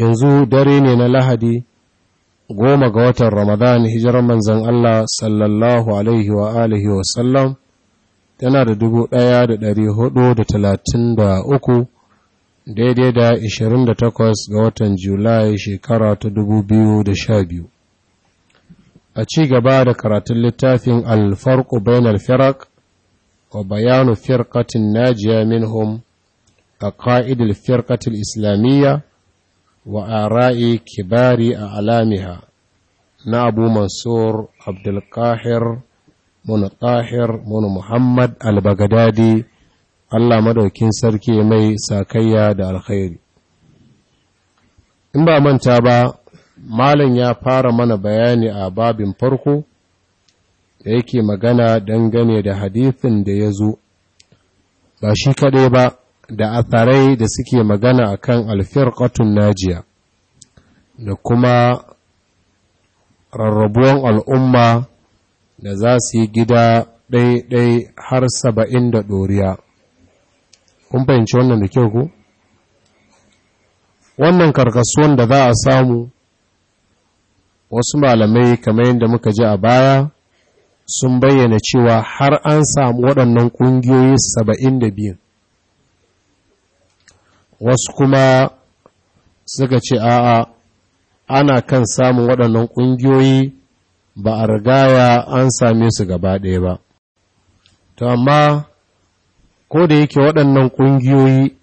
yanzu dare ne na lahadi goma ga watan ramadan hijirar manzan Allah sallallahu alaihi wa alihi wa sallam tana da dubu ɗaya da ɗari hudu da talatin da uku daidai da ishirin da takwas ga watan julai shekara ta dubu biyu da sha biyu a ci gaba da karatun littafin alfarku bainar firak wa bayanu firkatin najiya minhum a ka'idil firkatil islamiyya wa ara'i kibari a alamiha na abu mansur abdulkahir mun tahir mun muhammad albagadadi allah madaukin sarki mai sakayya da alkhairi in ba manta ba malam ya fara mana bayani a babin farko da yake magana dangane da hadisin da ya zo ba shi kaɗai ba da atharai da suke magana akan alfirqatun najiya da kuma rarrabuwan al'umma da za su yi gida ɗai-ɗai har saba'in da ɗoriya. Kun fahimci wannan da kyau ku? Wannan karkasuwan da za a samu wasu malamai kamar yadda muka ji a baya sun bayyana cewa har an samu waɗannan ƙungiyoyi saba'in da biyu. wasu kuma suka ce a'a ana kan samun waɗannan ƙungiyoyi ba a rigaya an same su gaba ɗaya ba to amma ko da yake waɗannan ƙungiyoyi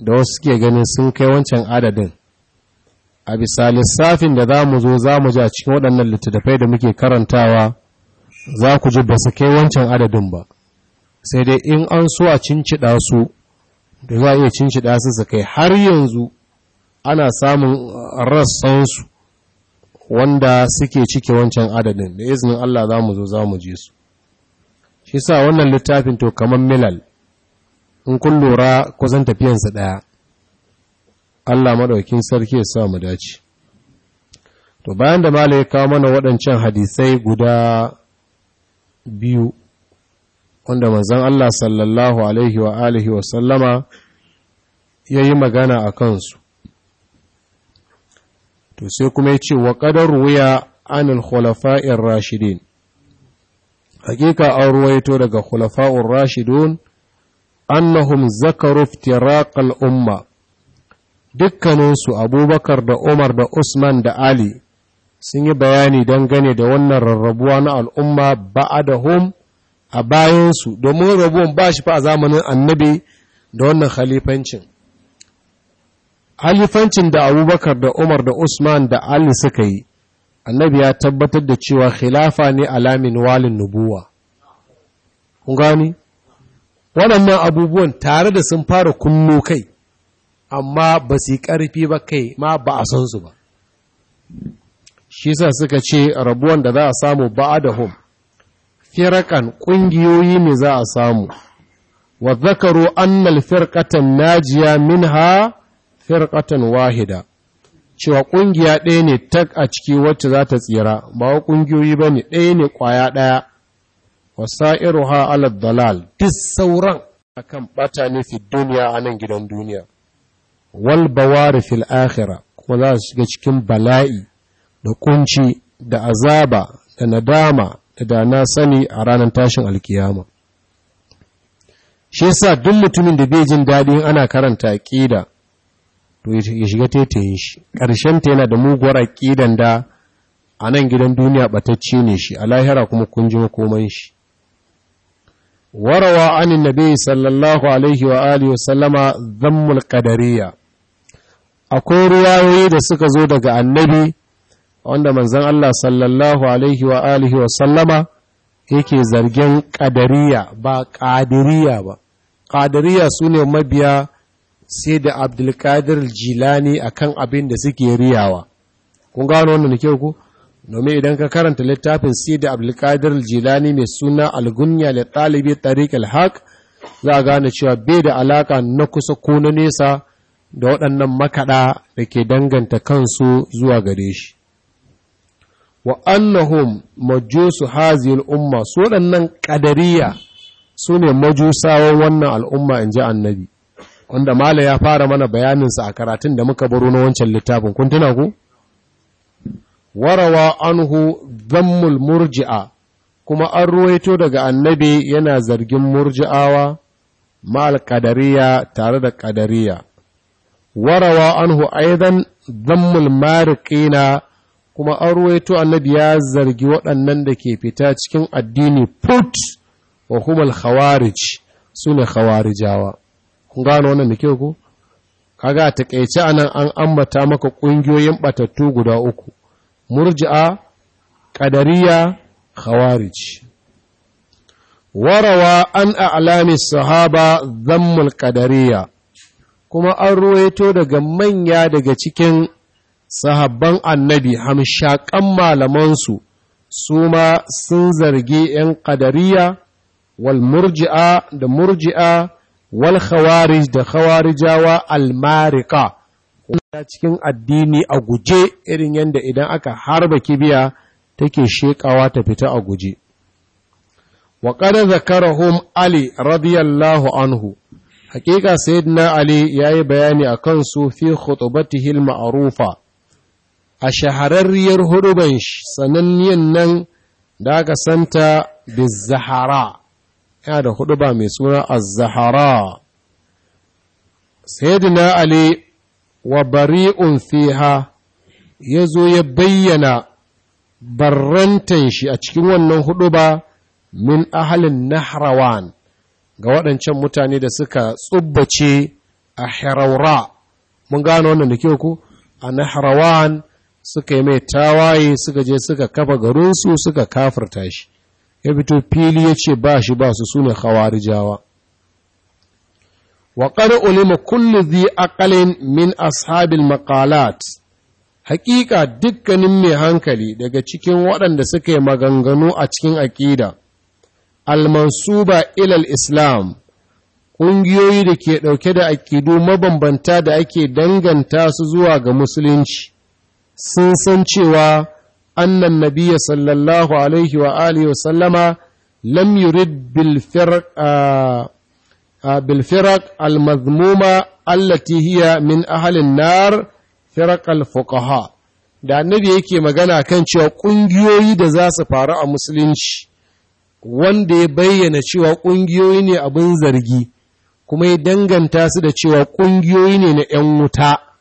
da wasu ke ganin sun kai wancan adadin a bisa lissafin da za mu zo za mu ji a cikin waɗannan littattafai da muke karantawa za ku ji ba su kai wancan adadin ba sai dai in an so a cinci su da za a iya cin shida su kai har yanzu ana samun rassansu wanda suke cike wancan adadin da izinin Allah za mu zo za mu je su shi sa wannan littafin to kamar milal in kun lura kusan tafiyansa ɗaya Allah maɗaukin sarki ya sa mu dace to bayan da malai ya kawo mana waɗancan hadisai guda biyu wanda manzan Allah sallallahu alaihi wa alihi wa sallama ya yi magana a kansu to sai kuma ya ce wa ƙadar wuya anil khulafa'in rashidin hakika an ruwaito daga khulafa'un rashidun annahum zakaru iftiraqal umma dukkaninsu abubakar da umar da usman da ali sun yi bayani dangane da wannan rarrabuwa na al'umma ba'adahum a bayansu domin rabuwan ba shi fa a zamanin annabi da wannan halifancin halifancin da abubakar da umar da usman da ali suka yi annabi ya tabbatar da cewa khilafa ne alamin walin nubuwa kun gani waɗannan abubuwan tare da sun fara kunno kai amma ba su yi ƙarfi ba kai ma ba a san su ba shi sa suka ce rabuwan da za a samu ba'a da home firakan ƙungiyoyi ne za a samu wa zakaru annal firqatan najiya minha firqatan wahida cewa ƙungiya ɗaya ne tak a ciki wacce za ta tsira ba wa ƙungiyoyi ba ɗaya ne ƙwaya ɗaya wasa'iruha alad dalal duk sauran akan bata ne fi duniya a nan gidan duniya wal bawari fil akhirah kuma za su shiga cikin bala'i da kunci da azaba da nadama da na sani a ranar tashin alkiyama shi yasa duk mutumin da bai jin daɗi ana karanta aƙida to ya shiga taitayin shi ƙarshen ta yana da muguwar aƙidan da a nan gidan duniya batacce ne shi a lahira kuma kun ji makoman shi warawa anin bai, sallallahu alaihi wa alihi wa sallama dhammul qadariyya akwai ruwayoyi da suka zo daga annabi wanda manzan Allah sallallahu alaihi wa alihi wa sallama yake zargin ƙadariya ba ƙadiriya ba ƙadiriya su ne mabiya sai da abdulkadir jilani akan abin da suke riyawa kun gano wannan nake ku domin idan ka karanta littafin sai da abdulkadir jilani mai suna algunya da ɗalibi tariq alhaq za a gane cewa bai da alaƙa na kusa ko na nesa da waɗannan makaɗa da ke danganta kansu zuwa gare shi wa annahum majusu hazil umma su waɗannan ƙadariya su ne majusawan wannan al'umma in ji annabi wanda mala ya fara mana bayaninsa a karatun da muka baro na wancan littafin kun tuna ku warawa anhu zammul murji'a kuma an ruwaito daga annabi yana zargin murji'awa ma'al kadariya tare da ƙadariya warawa anhu aidan zammul mariƙina kuma an ruwaito annabi ya zargi waɗannan da ke fita cikin addini put wa kuma khawarij su ne khawarijawa kun gano wannan da kyau ko kaga a takaice anan an ambata maka ƙungiyoyin batattu guda uku murji'a qadariya khawarij warawa an a'lami sahaba dhammul qadariya kuma an ruwaito daga manya daga cikin sahabban annabi hamshaƙan malamansu su ma sun zargi ‘yan ƙadariya, wal murji'a da murji'a, wal khawarij da khawarijawa almarika, wanda cikin addini a guje irin yadda idan aka harba kibiya take sheƙawa ta fita a guje. Wa ƙada zakarahum Ali radiyallahu anhu, haƙiƙa Sayyidina Ali ya yi bayani a kansu fi khutubatihi ma'arufa. a shahararriyar huduban sananniyan nan da aka santa bizahara yana da huduba mai suna a zahara sayyidina ali wa bari'un fiha ya zo ya bayyana barrantan shi a cikin wannan huduba min ahalin nahrawan ga waɗancan mutane da suka tsubbace a haraura mun gano wannan da kyau ku a nahrawan suka yi mai tawaye suka je suka kafa garinsu suka kafarta shi ya fito fili ya ce ba shi ba su sune khawarijawa wa waƙar ulima kullu dhi aqalin min ashabil maqalat hakika dukkanin mai hankali daga cikin waɗanda suka yi maganganu a cikin aƙida almansuba ilal islam ƙungiyoyi da ke ɗauke da aƙidu mabambanta da ake danganta su zuwa ga musulunci sun san cewa annan nabiya sallallahu alaihi wa alihi wa sallama lam yurid bil firaq al mazmuma allati hiya min ahalin nar firaq al fuqaha da annabi yake magana kan cewa ƙungiyoyi da za su faru a musulunci wanda ya bayyana cewa ƙungiyoyi ne abin zargi kuma ya danganta su da cewa ƙungiyoyi ne na ‘yan wuta’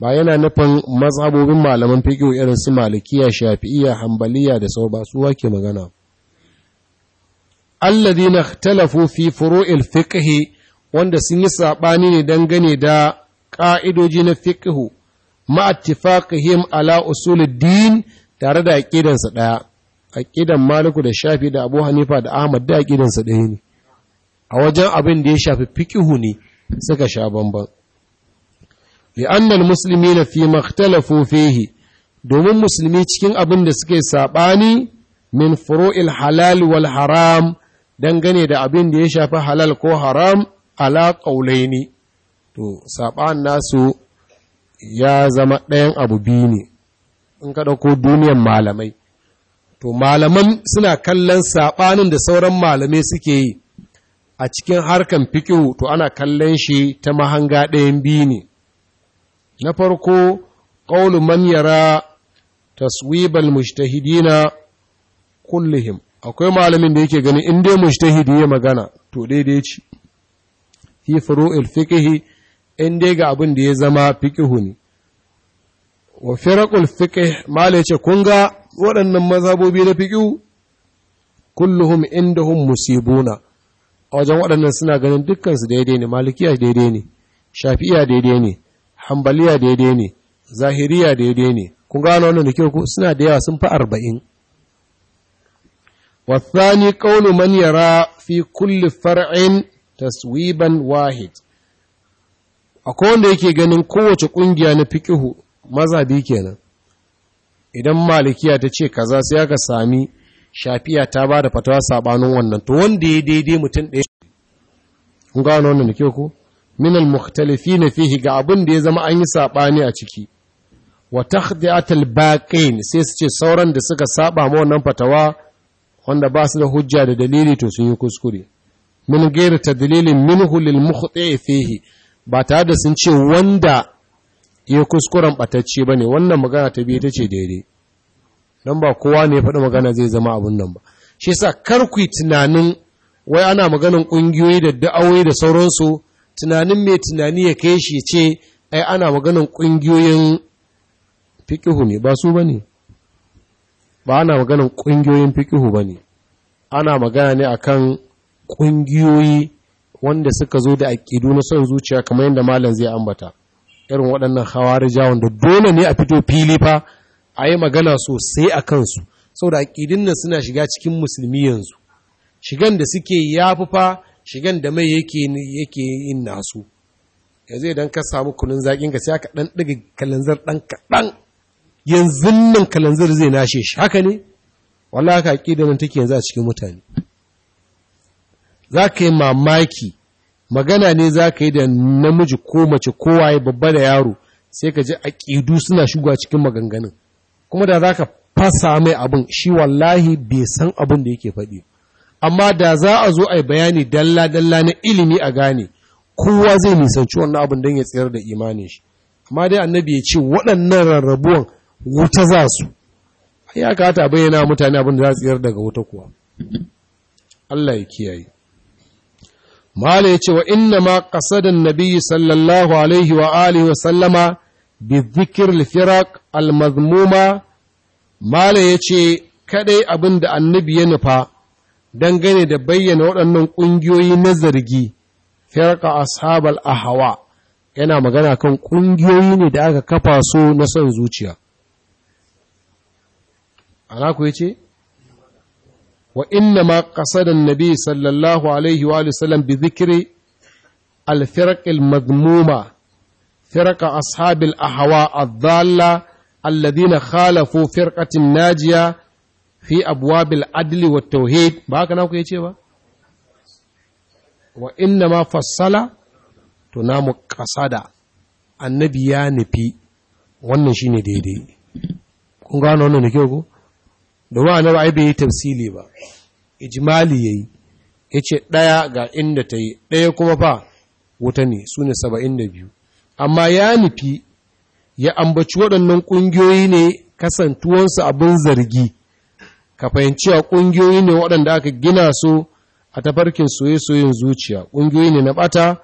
ba yana nufin matsabobin malaman fikihu irin su malikiya shafi'iya, hambaliya da sau ba su wake magana na talafu fi furu'il fiqh wanda sun yi saɓani ne dangane da ƙa'idoji na fiqh ma ittifaqihim ala usuluddin tare da aqidansa daya aqidan maliku da shafi da abu hanifa da ahmad da aqidansa daya ne a wajen abin da ya shafi fikihu ne suka sha bambam li'anna al-muslimina fi makhtalafu fihi domin musulmi cikin abin da suke saɓani min furu'il halal wal haram dangane da abin da ya shafi halal ko haram ala to saɓan nasu ya zama ɗayan abu biyu ne in ka ɗauko duniyar malamai to malaman suna kallon saɓanin da sauran malamai suke yi a cikin harkan fikihu to ana kallon shi ta mahanga ɗayan biyu ne na farko ƙaunin man yara taswibal mujtahidina kullihim akwai malamin da yake gani in dai mujtahidi ya magana to daidai ce fi furu'il fiqhi in dai ga abin da ya zama fiqhu ne wa firaqul fiqh malai ce kun ga waɗannan mazhabobi na fiqhu kulluhum indahum musibuna a wajen waɗannan suna ganin dukkan su daidai ne malikiya daidai ne shafi'iya daidai ne hambaliya daidai ne zahiriya daidai ne kun gano wannan da kyau suna da yawa sun fi arba'in Wasani قول man yara fi kulli taswiban wahid akwai wanda yake ganin kowace ƙungiya na fikihu mazabi kenan idan malikiya ta ce kaza sai aka sami shafiya ta ba da fatawa sabanin wannan to wanda ya daidai mutum ɗaya kun gano wannan da kyau ko min al-mukhtalifin ga abin da ya zama an yi sabani a ciki wa takhdi'atul baqin sai su ce sauran da suka saba ma wannan fatawa wanda ba su da hujja da dalili to sun yi kuskure min gairi tadlilin minhu lil mukhti fihi ba tare da sun ce wanda ya kuskuren batacce bane wannan magana ta biye tace daidai dan ba kowa ne ya faɗi magana zai zama abun nan ba shi yasa kar tunanin wai ana maganin kungiyoyi da da'awoyi da sauransu tunanin mai tunani ya kai shi ce ai ana maganin ƙungiyoyin fikihu ne ba su ba ne ba ana maganin ƙungiyoyin fikihu ba ne ana magana ne akan ƙungiyoyi wanda suka zo da aƙidu na son zuciya kamar yadda malam zai ambata irin waɗannan hawarija wanda dole ne a fito fili fa a yi magana sosai a kansu saboda aƙidun nan suna shiga cikin musulmi yanzu shigan da suke ya fa shigan da mai yake yake yin nasu zai idan ka samu kunun zaƙin ka sai aka ɗan ɗaga kalanzar ɗan kaɗan. yanzu nan kalanzar zai nashe shi haka ne ka ƙi da nan take yanzu a cikin mutane Za ka yi mamaki magana ne za ka yi da namiji ko mace kowa ya babba da yaro sai ka ji ƙidu suna shigowa cikin maganganun kuma da za ka fasa mai abin shi wallahi bai san abin da yake faɗi ba amma da za a zo a yi bayani dalla-dalla na ilimi a gane kowa zai nisanci wannan abin don ya tsayar da imanin shi amma dai annabi ya ce waɗannan rarrabuwan wuta za su ya kata bayyana mutane abin da za a tsayar daga wuta kuwa Allah ya kiyaye mala ya ce wa inna ma qasadan nabiyyi sallallahu alaihi wa alihi wa sallama bi dhikr al-firaq al-madhmuma mala ya ce kadai abin da annabi ya nufa dangane da bayyana waɗannan ƙungiyoyi na zargi firka ashabal ahawa yana magana kan ƙungiyoyi ne da aka kafa su na son zuciya ana ku ce. wa inna ma qasada nabi sallallahu alaihi wa bi zikiri al mazmuma firka madmuma فرق أصحاب الأهواء الضالة firƙatin najiya fi abuwabil adli wa tauhid ba haka na ku ce ba wa inna ma fassala to na mu kasada annabi ya nufi wannan shi ne daidai kun gano wannan ne ko da wa annabi ai bai yi tafsili ba ijmali ya ce ɗaya ga inda ta yi daya kuma fa wuta ne su ne da biyu amma ya nufi ya ambaci waɗannan ƙungiyoyi ne kasantuwansu abin zargi ka fahimci a ƙungiyoyi ne waɗanda aka gina su a tafarkin soye-soyen zuciya ƙungiyoyi ne na ɓata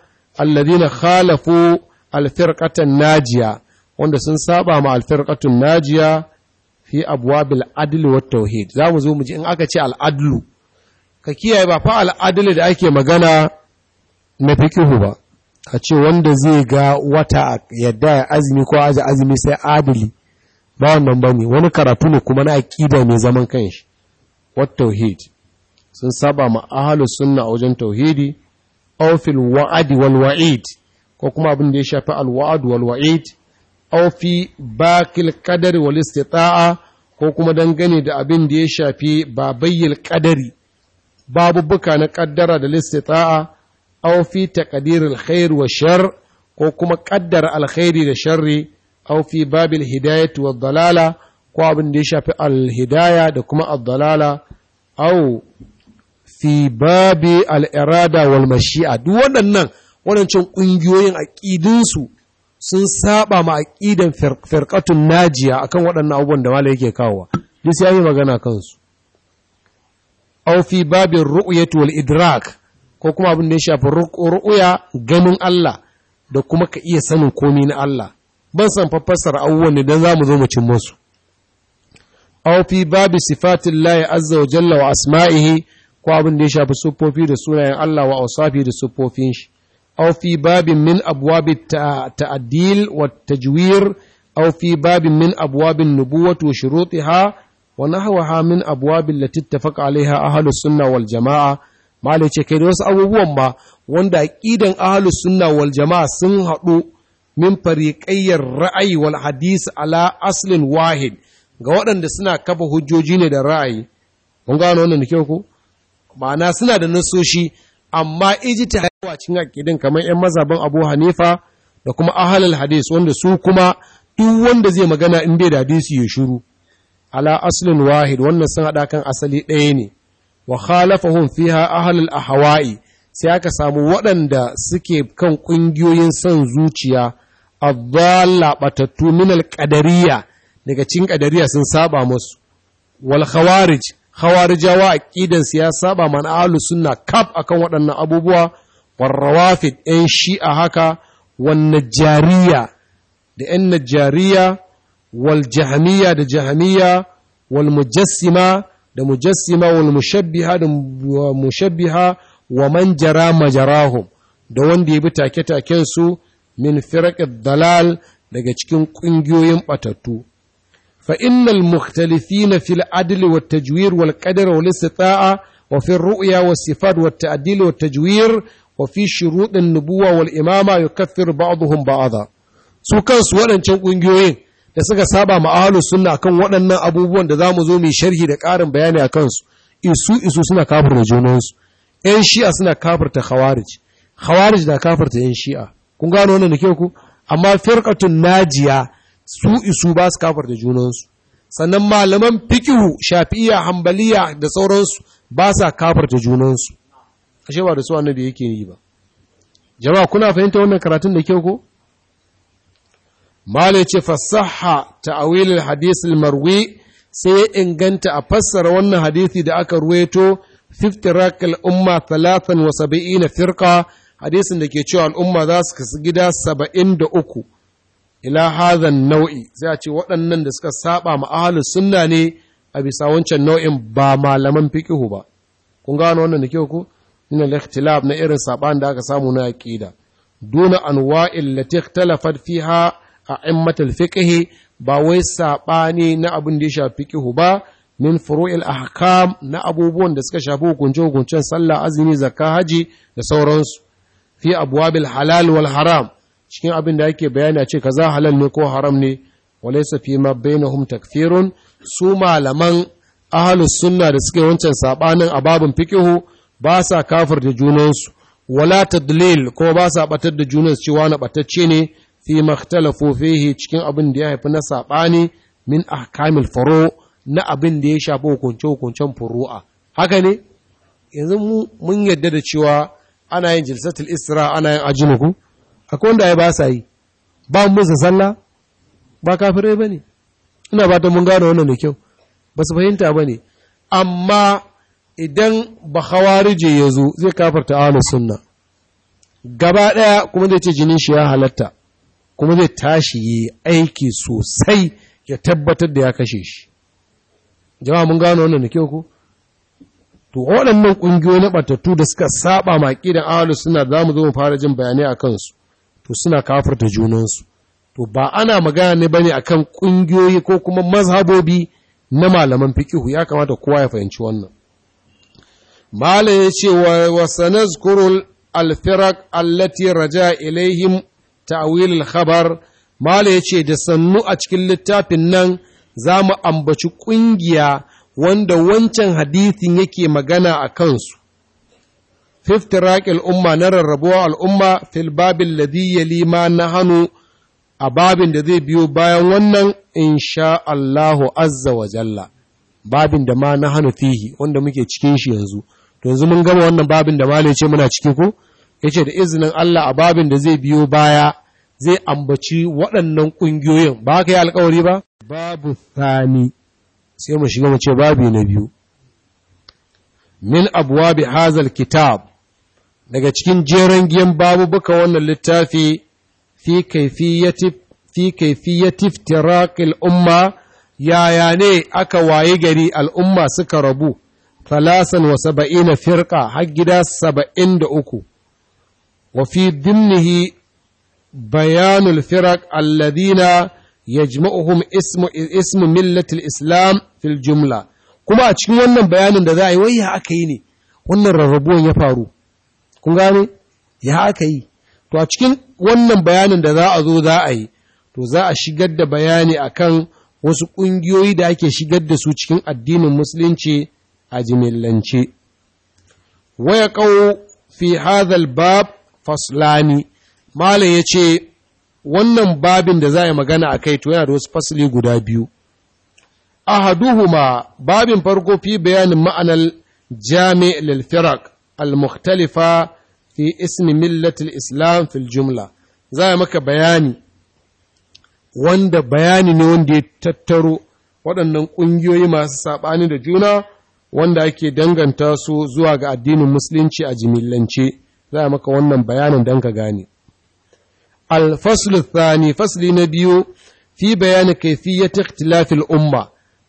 na khalafu alfirqatan najiya wanda sun saba ma alfirqatun najiya fi abuwa abwabil adl wa tauhid mu zo mu ji in aka ce al'adlu ka kiyaye ba fa al'adlu da ake magana na fikihu ba a ce wanda zai ga wata yadda ya azumi ko aji azumi sai adili ba wannan bane wani karatu ne kuma na aƙida mai zaman kanshi wat tauhid sun saba ma ahlus sunna a wajen tauhidi aw wa'adi walwa'id, wal wa'id ko kuma abin da ya shafi al walwa'id. wal wa'id aw fi baqil ko kuma dangane da abin da ya shafi babayyil qadari babubuka na kaddara da listita'a aw fi taqdiril khair wa shar ko kuma kaddara alkhairi da sharri aw fi babil hidayati wad ko abin da ya shafi alhidaya da kuma addalala au fi babi al'irada wal mashi'a duk waɗannan waɗancan ƙungiyoyin aƙidinsu sun saba ma aƙidan firƙatun najiya akan waɗannan abubuwan da mala yake kawowa duk ya yi magana kansu au fi babin ru'yat wal idrak ko kuma abin da ya shafi ru'ya ganin Allah da kuma ka iya sanin komi na Allah ban san fassara abubuwan ne za mu zo mu cin musu aw fi babu sifatillahi azza wa jalla wa asma'ihi ko abin da ya shafi siffofi da sunayen Allah wa awsafi da siffofin shi aw fi babin min abwabi ta'dil wa tajwir aw fi babin min abwabin nubuwati wa shurutiha wa nahwaha min abwabil lati ittafaqa 'alayha ahlus sunna wal jama'a malai ce kai da wasu abubuwan ba wanda aqidan ahlus sunna wal jama'a sun haɗu min fariqayyar ra'ayi wal hadis ala aslin wahid ga waɗanda suna kafa hujjoji ne da ra'ayi kun gano wannan da kyau ko ma'ana suna da nasoshi amma ta wa cin aqidin kamar yan mazaban Abu Hanifa da kuma ahlul hadis wanda su kuma duk wanda zai magana in bai da hadisi ya shiru ala aslin wahid wannan sun hada kan asali ɗaya ne wa khalafahum fiha a Hawaii sai aka samu waɗanda suke kan ƙungiyoyin son zuciya adalla batattu minal ƙadariya, daga cikin ƙadariya sun saba musu wal khawarij khawarijawa aqidan su ya saba man ahlus sunna kaf akan waɗannan abubuwa war rawafid ɗan shi'a haka wan najariya da ɗan najariya wal jahmiya da jahmiya wal mujassima da mujassima wal mushabbiha da mushabbiha wa man jara majarahum da wanda ya bi take-taken su min firaqid dalal daga cikin ƙungiyoyin batattu فإن المختلفين في العدل والتجوير والقدر والاستطاعة وفي الرؤيا والصفات والتعديل والتجوير وفي شروط النبوة والإمامة يكفر بعضهم بعضا su kansu waɗancan ƙungiyoyin da suka saba ma ahalus sunna akan waɗannan abubuwan da za mu zo mu sharhi da ƙarin bayani a kansu isu isu suna da junansu ƴan shi'a suna kafirta khawarij khawarij na kafirta ƴan shi'a kun gano wannan da ku amma firqatun najiya su isu ba su kafar da junansu sannan malaman fikihu shafi'iya hambaliya da sauransu ba sa kafar da junansu ashe ba da su annabi yake yi ba jama'a kuna fahimta wannan karatun da kyau ko malai ce fasaha ta'awil hadith marwi sai ya inganta a fassara wannan hadisi da aka ruwaito fiftirak al'umma talatan wa saba'ina firka hadisin da ke cewa al'umma za su kasu gida saba'in da uku ila hazan nau'i sai a ce waɗannan da suka saba ma suna sunna ne a bisa wancan nau'in ba malaman fikihu ba kun gano wannan da kyau ko min al na irin saɓan da aka samu na aqida duna anwa'il lati ikhtalafat fiha a'immat al-fiqh ba wai saɓani na abin da ya shafi fiqhu ba min furu'il ahkam na abubuwan da suka shafi hukunce hukuncen sallah azumi zakka haji da sauransu fi abwabil halal wal haram cikin abin da ake bayani a ce kaza halal ne ko haram ne walaysa fi ma takfirun su malaman ahalus sunna da suke wancan saɓanin a babin fikihu ba sa kafir da junansu wala tadlil ko ba sa batar da junansu cewa na batacce ne fi makhtalafu fihi cikin abin da ya haifi na sabani min ahkamil furu na abin da ya shafi hukunce hukuncen furu'a haka ne yanzu mun yadda da cewa ana yin jilsatul isra ana yin ajinuku akwai wanda ya ba sa yi ba mu musu sallah ba kafirai ba ne ina ba ta mun gane wannan da kyau ba su fahimta ba ne amma idan ba hawarije ya zo zai kafarta ahlus sunna gaba ɗaya kuma zai ce jinin shi ya halatta kuma zai tashi yi aiki sosai ya tabbatar da ya kashe shi jama'a mun gano wannan da kyau ko to waɗannan ƙungiyoyi na ɓatattu da suka saba maƙi da ahlus suna za mu zo mu fara jin bayanai a kansu to suna kafarta junansu to ba ana magana ne bane akan kungiyoyi ko kuma mazhabobi na malaman fikihu ya kamata kowa ya fahimci wannan mala ya ce wa sanazkuru al allati raja ilaihim ta'wil alkhabar khabar mala ya da sannu a cikin littafin nan za mu ambaci kungiya wanda wancan hadithin yake magana a kansu fiftiraƙil al'umma na rarrabuwa al'umma fil babin ladhi lima na hannu a babin da zai biyo bayan wannan inshaAllahu Allahu azza wa jalla babin da ma na hannu fihi wanda muke cikin shi yanzu to yanzu mun gama wannan babin da malai ce muna ciki ko yace da izinin Allah a babin da zai biyo baya zai ambaci waɗannan ƙungiyoyin ba ka yi alkawari ba babu thani sai mu shiga mu ce babi na biyu min abwabi hazal kitab daga cikin jeren giyan babubuka wannan littafi fi kaifiyati iftiraqil umma yaya ne aka waye gari al'umma suka rabu talasan wa saba'ina firqa har gida saba'in da uku wa fi dimnihi bayanul firak alladhina yajma'uhum ismu ismu islam fil jumla kuma a cikin wannan bayanin da za a yi wai ya aka yi ne wannan rarrabuwan ya faru kun gane ya aka yi to a cikin wannan bayanin da za a zo za a yi to za a shigar da bayani akan wasu ƙungiyoyi da ake shigar da su cikin addinin musulunci a jimillance waya ƙau fi hadhal bab faslani malam ya ce wannan babin da za a yi magana a kai to yana da wasu fasli guda biyu ahaduhuma babin farko fi bayanin ma'anar jami'ar lil al-mukhtalifa fi ismi millatul islam fil jumla za a maka bayani wanda bayani ne wanda ya tattaro waɗannan ƙungiyoyi masu saɓani da juna wanda ake danganta su zuwa ga addinin musulunci a jimillance za a maka wannan bayanin don ka gane alfaslu thani fasli na biyu fi bayani kaifiyyat ikhtilafil umma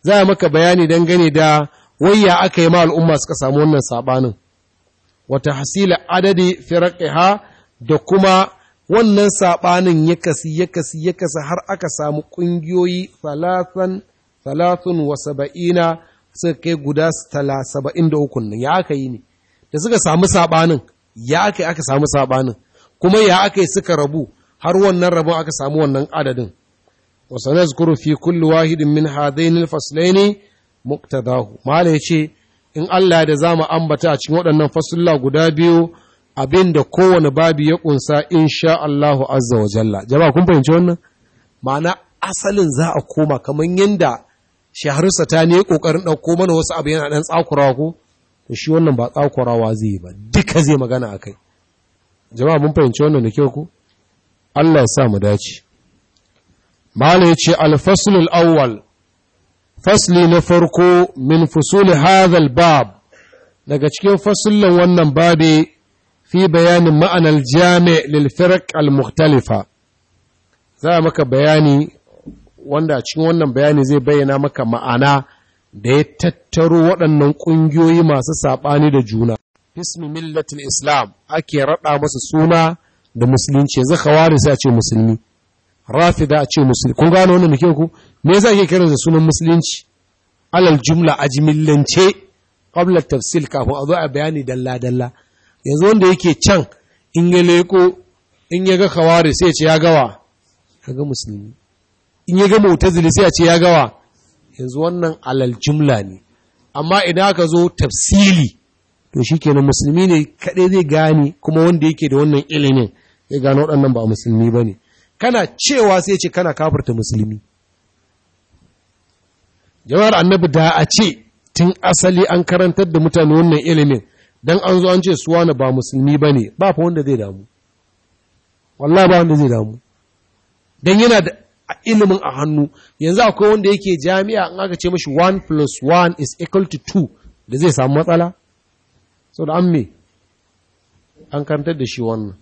za a maka bayani dangane da wayya aka yi ma al'umma suka samu wannan saɓanin wa tahsil adadi firqiha da kuma wannan saɓanin ya kasi ya kasi ya kasi har aka samu ƙungiyoyi salasan salasun wa saba'ina suka kai guda saba'in da ukun ya aka yi ne da suka samu saɓanin ya aka aka samu saɓanin kuma ya aka yi suka rabu har wannan rabon aka samu wannan adadin wa sanazkuru fi kulli wahidin min hadaini al-faslaini muqtadahu mala yace in Allah da za mu ambata a cikin waɗannan fasulla guda biyu abin da kowane babi ya ƙunsa sha Allahu azza wa jalla jama'a kun fahimci wannan ma'ana asalin za a koma kamar yadda shahararsa ta ne ƙoƙarin ɗauko mana wasu abu yana ɗan tsakurawa ko to shi wannan ba tsakurawa zai yi ba duka zai magana a kai jama'a mun fahimci wannan da kyau ko? Allah ya sa mu dace malam ya ce alfasulul awwal fasli na farko min fusuli hadhal bab daga cikin fasullan wannan babi fi bayanin ma'anar jami lil firq al mukhtalifa za maka bayani wanda a cikin wannan bayani zai bayyana maka ma'ana da ya tattaro waɗannan ƙungiyoyi masu saɓani da juna ismi millatul islam ake raɗa masa suna da musulunci yanzu khawari sai a ce musulmi rafida a ce musulmi kun gano wannan nake ku me yasa ake kiran da sunan musulunci alal jumla a jimillance qabla tafsil kafin a zo a bayani dalla dalla yanzu wanda yake can in ya leko in ya ga kawari sai ya ce ya gawa ya ga musulmi in ya ga mu'tazili sai ya ce ya gawa yanzu wannan alal jumla ne amma idan aka zo tafsili to shikenan musulmi ne kaɗai zai gane kuma wanda yake da wannan ilimin ya gano waɗannan ba musulmi ba ne kana cewa sai ce kana kafirta musulmi jama'ar annabi da a ce tun asali an karantar da mutane wannan ilimin don an zo an ce su wani ba musulmi ba ne ba fa wanda zai damu wallah ba wanda zai damu don yana da ilimin a hannu yanzu akwai wanda yake jami'a an aka ce mashi 1 plus 1 is equal to 2 da zai samu matsala so da an me an karantar da shi wannan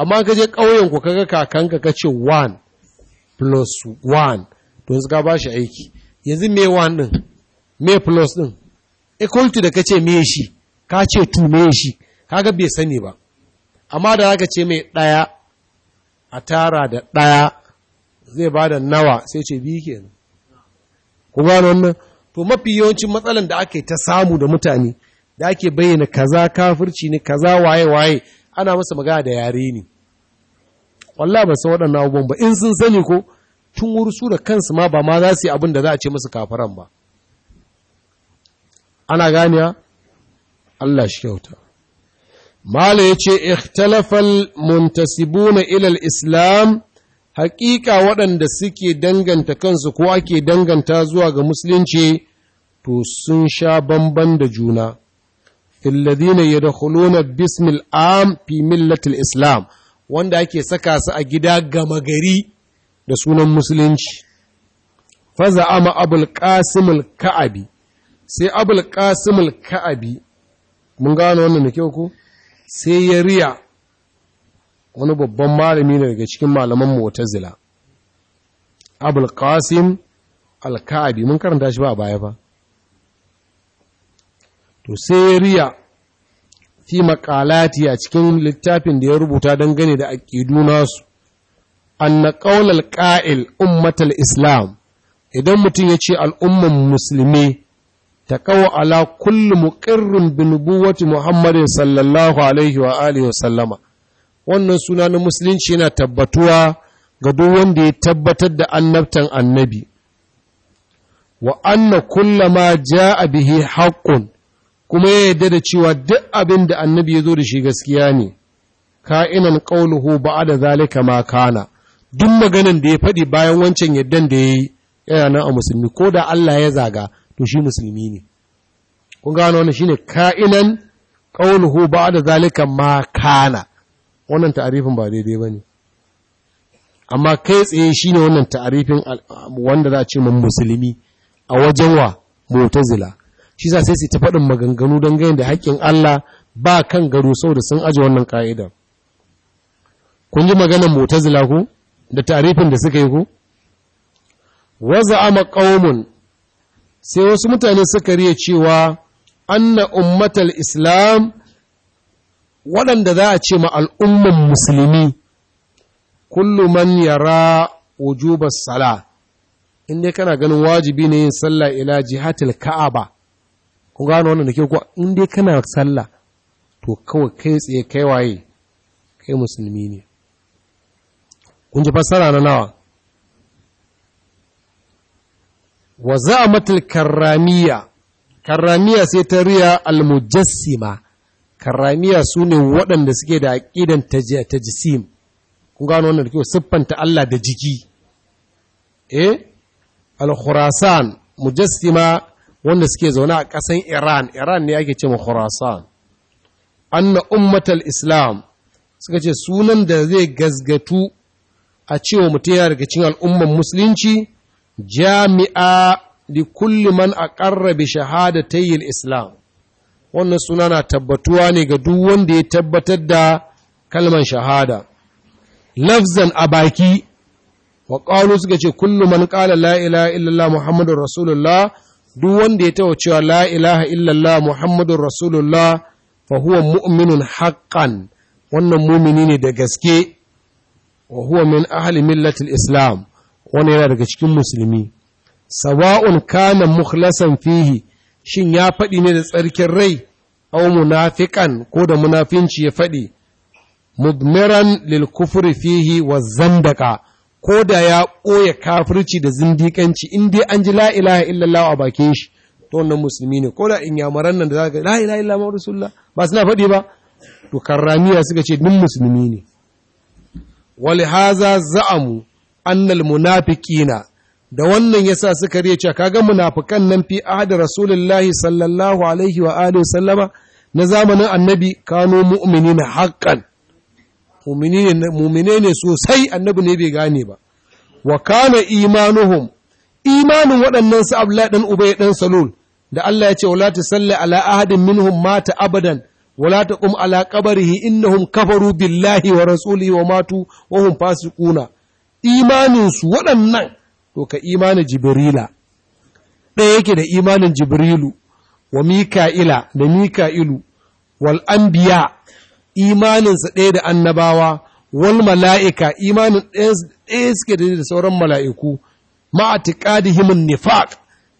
amma ka je ƙauyen ku kaga kakanka ka ce 1 plus 1 to yanzu ka ba shi aiki yanzu me one ɗin me plus ɗin equal to da ka ce me shi ka ce tu me shi kaga bai sani ba amma da aka ce mai ɗaya a tara da ɗaya zai ba da nawa sai ce biyu nan. ku gano wannan to mafi yawancin matsalan da ake ta samu da mutane da ake bayyana kaza kafirci ne kaza waye waye ana masa magana da yare ne wallahi ba san waɗannan abubuwan ba in sun sani ko tun wuri su da kansu ma ba ma za su yi abin da za a ce musu kafiran ba ana ganiya Allah shi kyauta mala ya ce ikhtalafal muntasibuna ilal islam haƙiƙa waɗanda suke danganta kansu ko ake danganta zuwa ga musulunci to sun sha bamban da juna filladina yadkhuluna bismil am fi millatil islam wanda ake saka su a gida gama gari da sunan musulunci faza ama abul qasimul ka'abi sai abul qasimul ka'abi mun gano wannan da kyau sai ya riya wani babban malami ne daga cikin malaman mu'tazila abul qasim al ka'abi mun karanta shi ba baya ba to sai ya riya fi maƙalati a cikin littafin da ya rubuta dangane da aqidu nasu anna ƙaunar qa'il ummatal islam idan mutum ya ce al'umman musulmi ta kawo ala kullu muqirrin bi nubuwwati muhammadin sallallahu alaihi wa alihi wa wannan suna na musulunci yana tabbatuwa ga duk wanda ya tabbatar da annabtan annabi wa anna kullama jaa bihi haqqun kuma ya yarda da cewa duk abin da annabi ya zo da shi gaskiya ne ka'inan qawluhu ba'da zalika ma kana duk maganan da ya faɗi bayan wancan yaddan da ya yi yana a musulmi ko da Allah ya zaga to shi musulmi ne kun gano wani shi ne ka'inan ba da zalika ma kana wannan ta'arifin ba daidai ba ne. amma kai tsaye shi ne wannan ta'arifin wanda za a ce musulmi a wajen wa mu'tazila shi za sai su ta faɗin maganganu don ganin da haƙƙin Allah ba kan sau saboda sun ajiye wannan ka'idar kun ji maganar mu'tazila ko da tarifin da suka yi ku waza ama ƙaunun sai wasu mutane suka riya cewa anna ummatal islam waɗanda za a ce ma al'umman musulmi kullu man yara wujubar sala in kana ganin wajibi ne yin sallah ila jihatil ka'aba ku gano wannan da ke kuwa in dai kana sallah to kawai kai tsaye kai waye kai musulmi ne kun ji fassara na nawa wa za'amatul karramiya karramiya sai ta riya almujassima karramiya su ne waɗanda suke da aƙidan tajisim kun gano wannan da kyau siffanta Allah da jiki eh al-khurasan mujassima wanda suke zaune a ƙasan Iran Iran ne ake ce mu khurasan anna ummatal islam suka ce sunan da zai gazgatu a cewa mutum yana daga cikin al'umman musulunci jami'a li kulli man shahada bi yin islam wannan suna na tabbatuwa ne ga duk wanda ya tabbatar da kalman shahada lafzan a baki wa qalu suka ce kullu man ƙala la’ila illallah Muhammadu rasulullah duk wanda ya tawo cewa la illallah Muhammadu rasulullah fa huwa mu'minun haƙƙan. wannan mumini ne da gaske wa huwa min ahli millatil islam wani yana daga cikin musulmi sawa'un kana mukhlasan fihi shin ya faɗi ne da tsarkin rai aw munafiqan ko da munafinci ya faɗi mudmiran lil kufri fihi wa zandaka ko da ya ɓoye kafirci da zindiƙanci in dai an ji la ilaha illallah a bakin shi to wannan musulmi ne ko da in yamaran nan da zaka la ilaha illallah rasulullah ba suna faɗi ba to karramiya suka ce duk musulmi ne wali haza za'amu annal munafiqina da wannan yasa suka riya ka ga munafikan nan fi ahadi rasulullahi sallallahu alaihi wa alihi sallama na zamanin annabi kano mu'minina haqqan mu'mine ne sosai annabi ne bai gane ba wa kana imanuhum imanin waɗannan su abdullahi dan ubay dan salul da Allah ya ce wala tusalli ala ahadin minhum mata abadan wala taqum ala qabrihi innahum kafaru billahi wa rasulihi wa matu wa hum fasiquna imanin Imaninsu waɗannan to ka imanin jibrila ɗaya yake da imanin jibrilu wa mika'ila da mika'ilu wal anbiya ɗaya da annabawa wal mala'ika imanin ɗaya suke da sauran mala'iku ma'a tiqadihim Nifak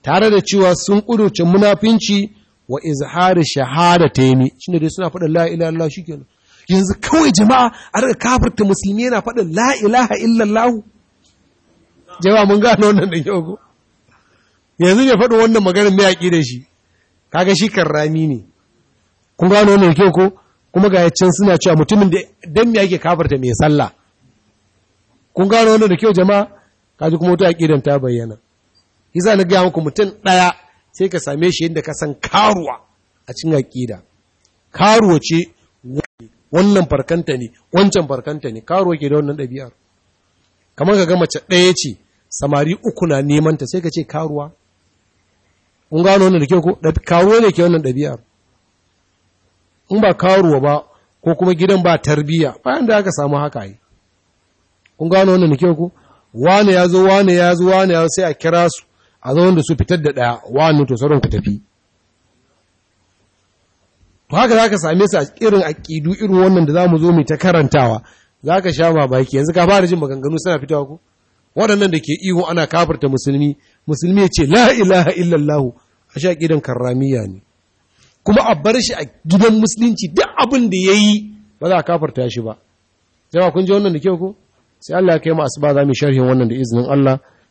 tare da cewa sun ƙudurce munafinci wa izhari shahadataini shine dai suna faɗin la ilaha illallah shikenan yanzu kawai jama'a a daga kafirta musulmi yana faɗin la ilaha illallah jama'a mun gano wannan da kyau yanzu ne faɗin wannan maganar mai yaƙi da shi kaga shi karrami ne kun gano wannan kyau ko kuma ga yacin suna cewa mutumin da dan me yake kafirta mai sallah kun gano wannan da kyau jama'a kaji kuma wata aqidan ta bayyana za na gaya muku mutum ɗaya. sai ka same shi yadda ka san karuwa a cikin aƙida karuwa ce wannan farkanta ne wancan farkanta ne karuwa ke da wannan ɗabi'ar kamar ka ga mace ɗaya ce samari uku na neman ta sai ka ce karuwa kun gano wannan da ke ko karuwa ne ke wannan ɗabi'ar in ba karuwa ba ko kuma gidan ba tarbiyya bayan da aka samu haka yi kun gano wannan da ke ko wane ya zo wane ya zo wane ya zo sai a kira su a zo da su fitar da ɗaya wa'annan to sauran ku tafi to haka za ka same su a irin aƙidu irin wannan da za mu zo mu ta karantawa za ka sha baki. yanzu ka fara jin maganganu suna fitowa ko waɗannan da ke ihu ana kafarta musulmi musulmi ya ce la ilaha illallah a sha gidan karramiya ne kuma a bar shi a gidan musulunci duk abin da ya yi ba za a kafarta shi ba Sai ba kun ji wannan da kyau ko sai Allah ya kai mu asuba za mu sharhin wannan da izinin Allah